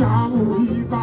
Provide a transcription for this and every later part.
像一巴。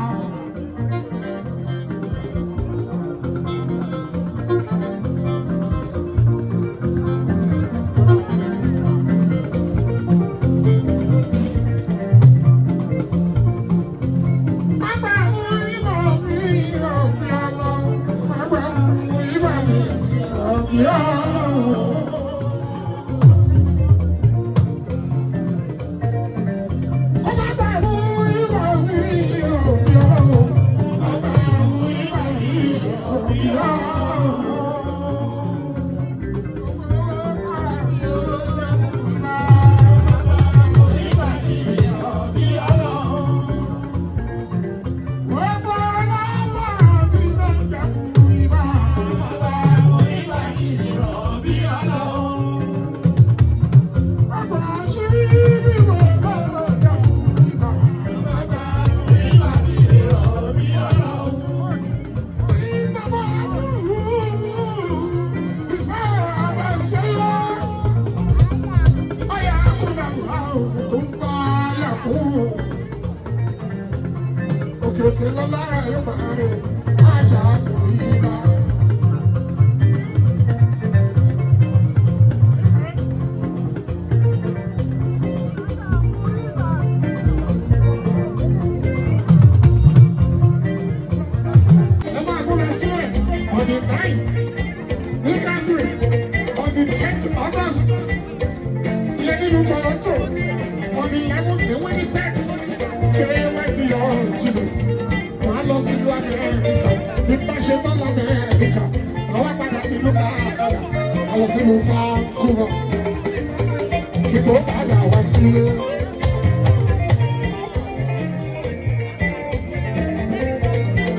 tó padà wá sílé.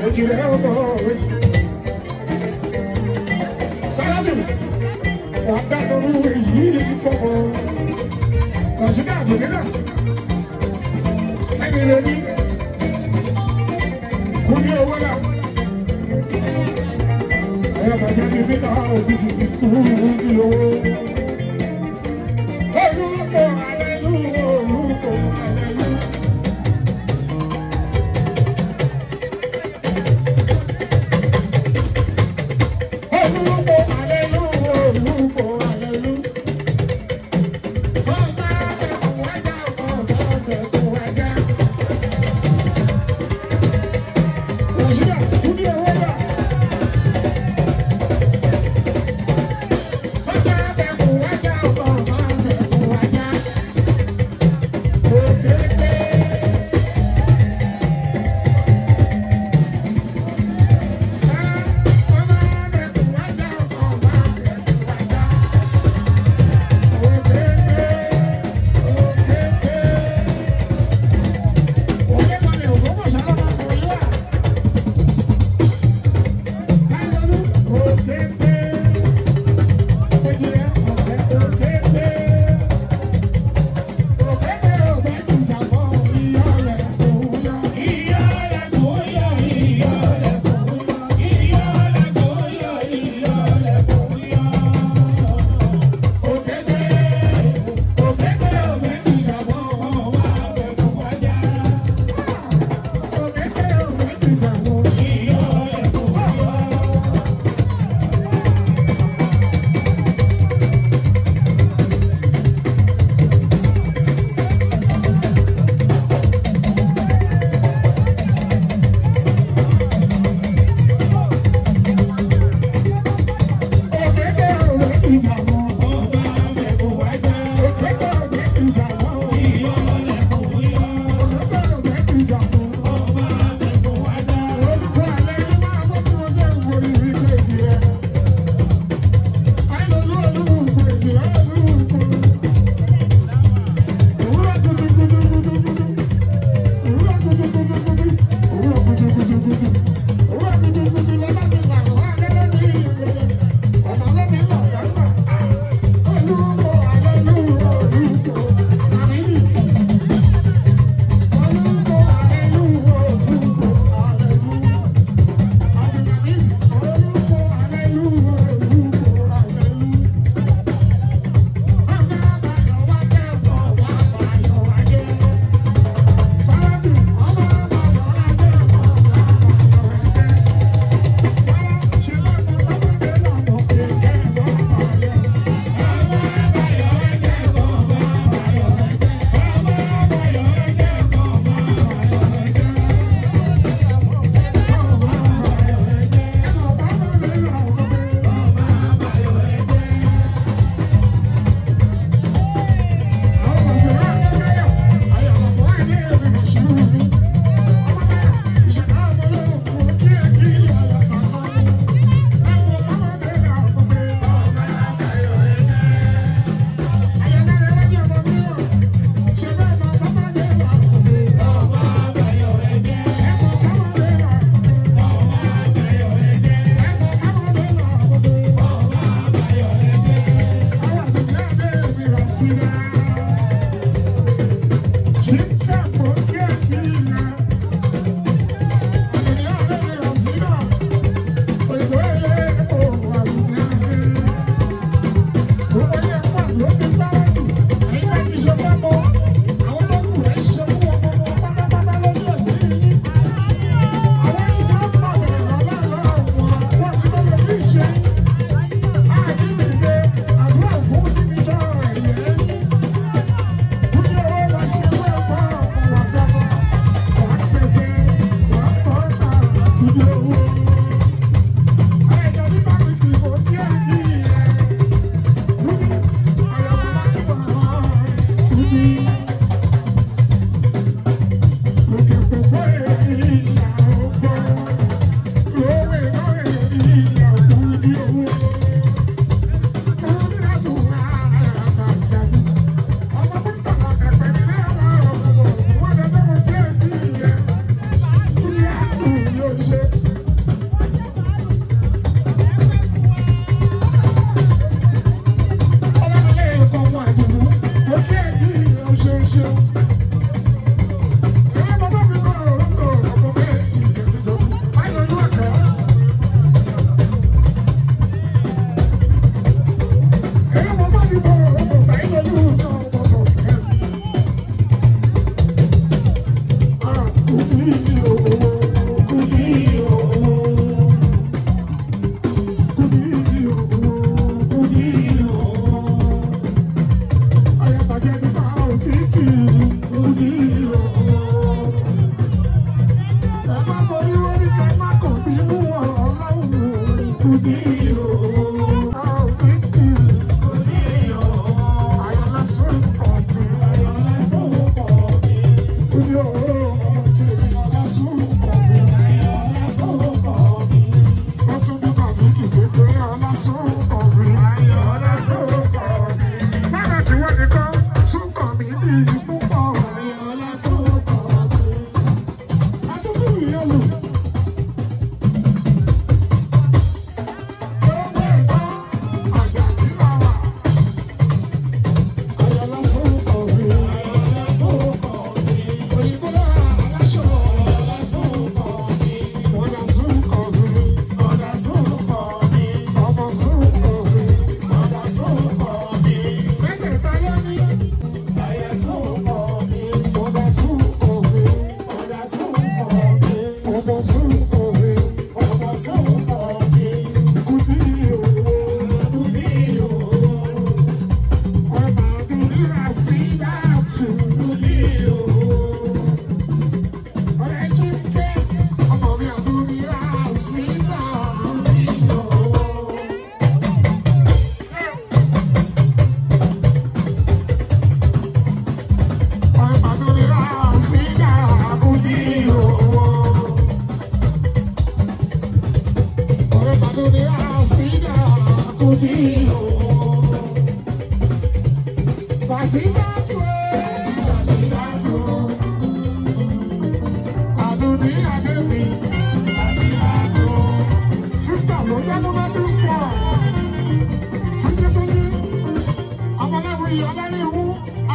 Èjìlẹ̀ ọmọ rẹ̀. Sáyájú, wà á dábọ̀rú èyí fọwọ́. Kọ̀síkà àgbègbè Ẹni lè ní. Mo ní owó náà. Ẹ̀yọ́ bàjẹ́ mi fi náà òbí ti kú ní owó.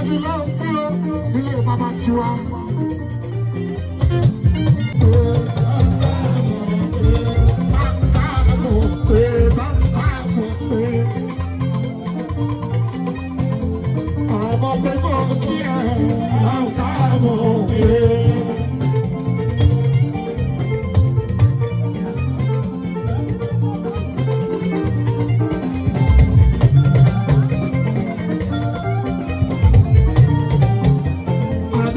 àdìlẹ́ òkú òkú ilé bàbá tiwa.